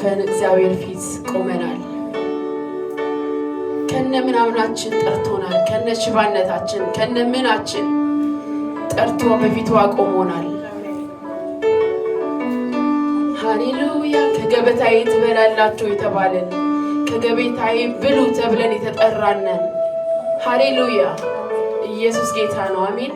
አሸንፈን እግዚአብሔር ፊት ቆመናል። ከነ ምናምናችን ጠርቶናል። ከነ ሽባነታችን ከነ ምናችን ጠርቶ በፊቱ አቆሞናል። ሃሌሉያ። ከገበታዬ ትበላላችሁ የተባለን ከገበታዬ ብሉ ተብለን የተጠራነን። ሃሌሉያ። ኢየሱስ ጌታ ነው። አሜን።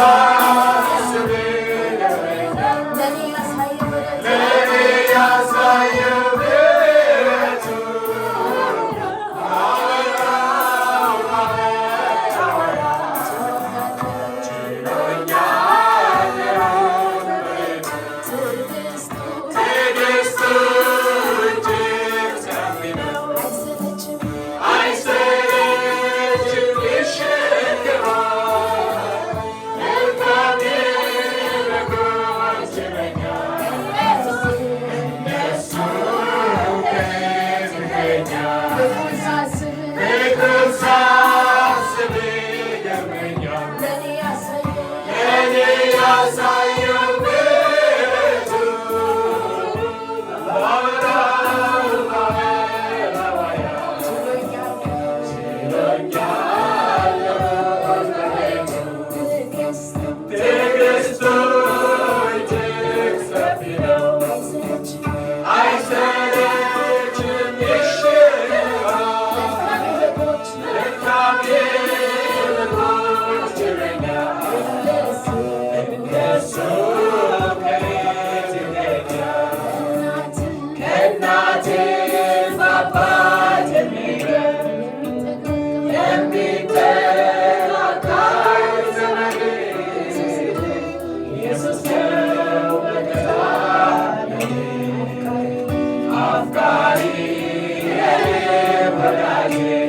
sorry. ಆಗಿವೆ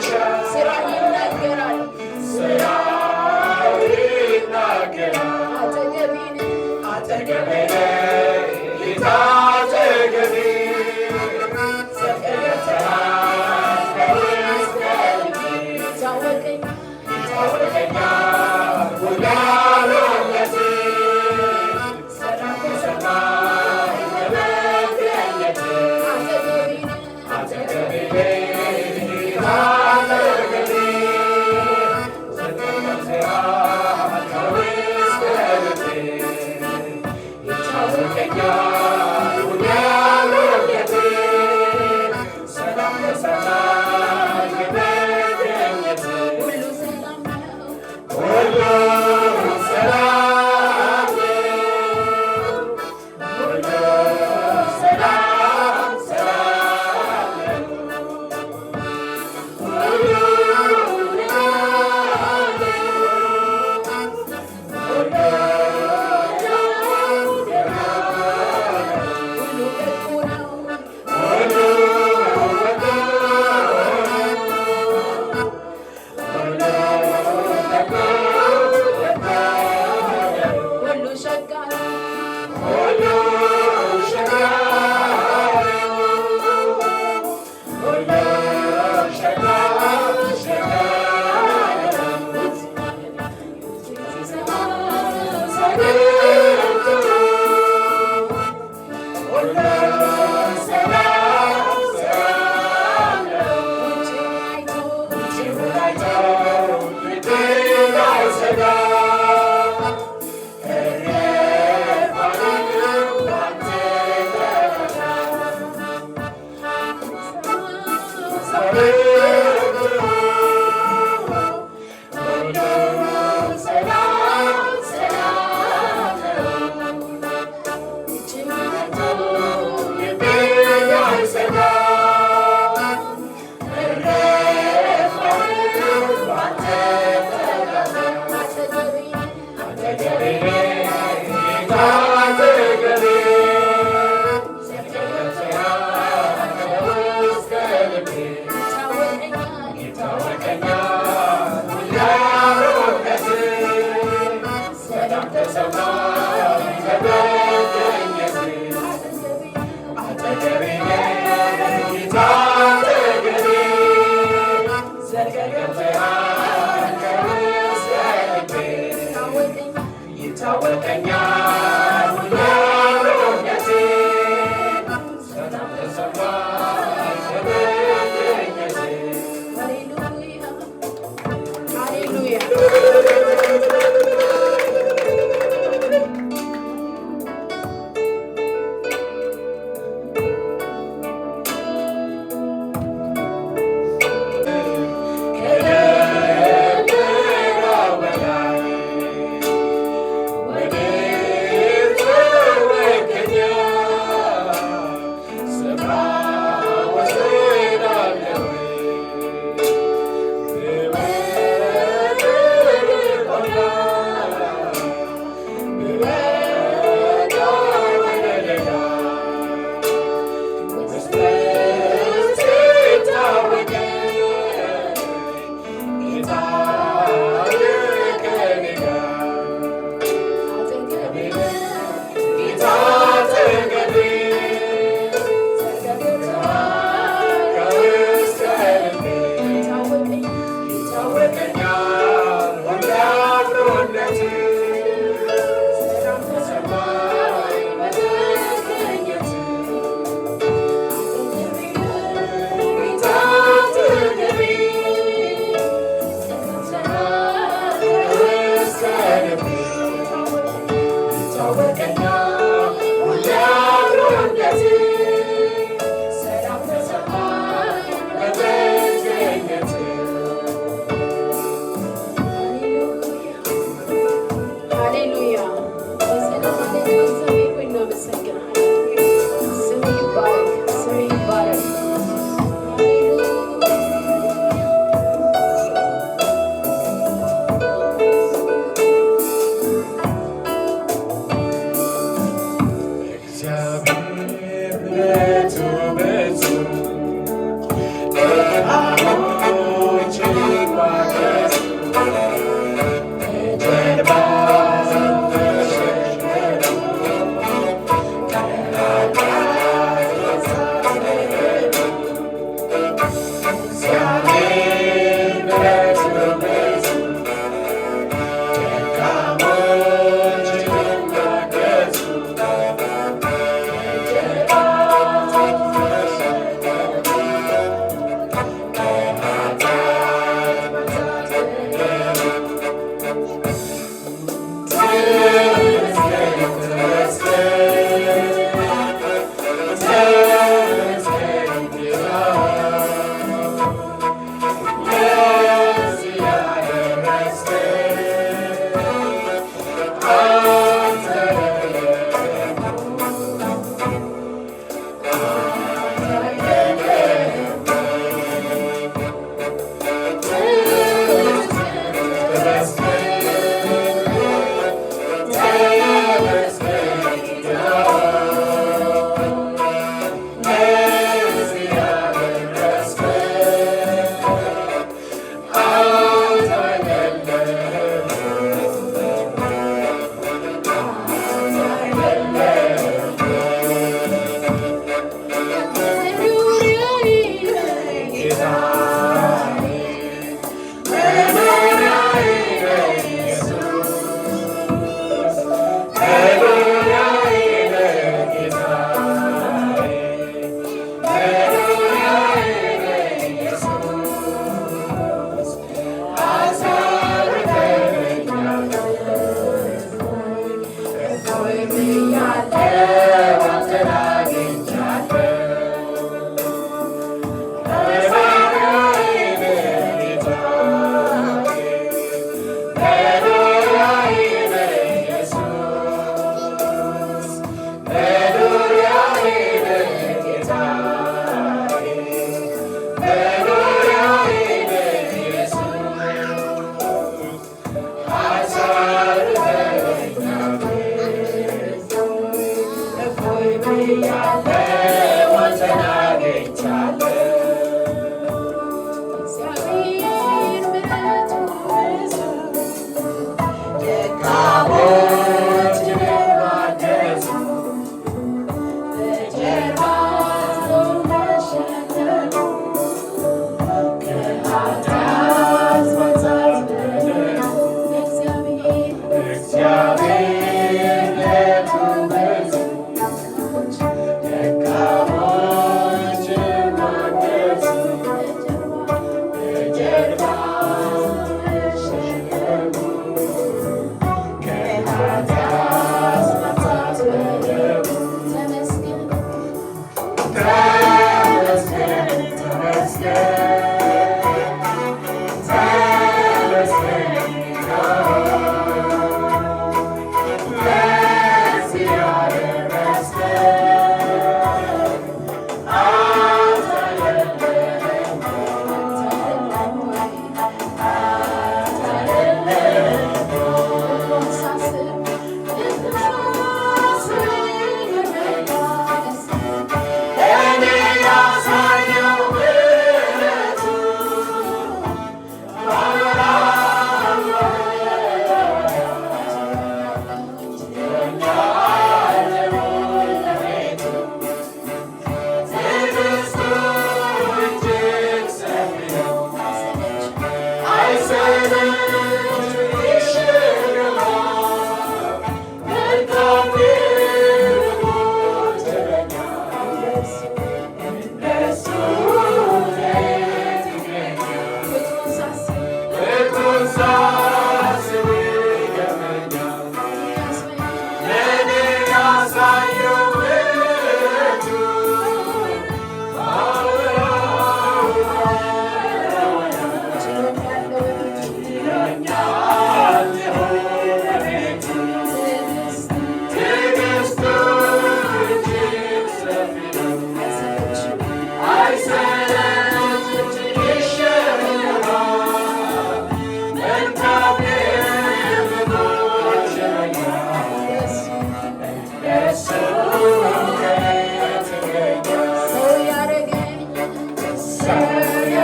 church. Música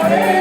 Amém.